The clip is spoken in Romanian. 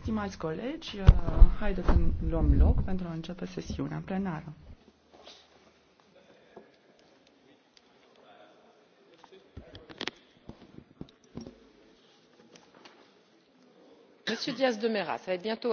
Stimați colegi, uh, haideți să luăm loc pentru a începe sesiunea plenară. Monsieur Diaz de Mera, ça va bientôt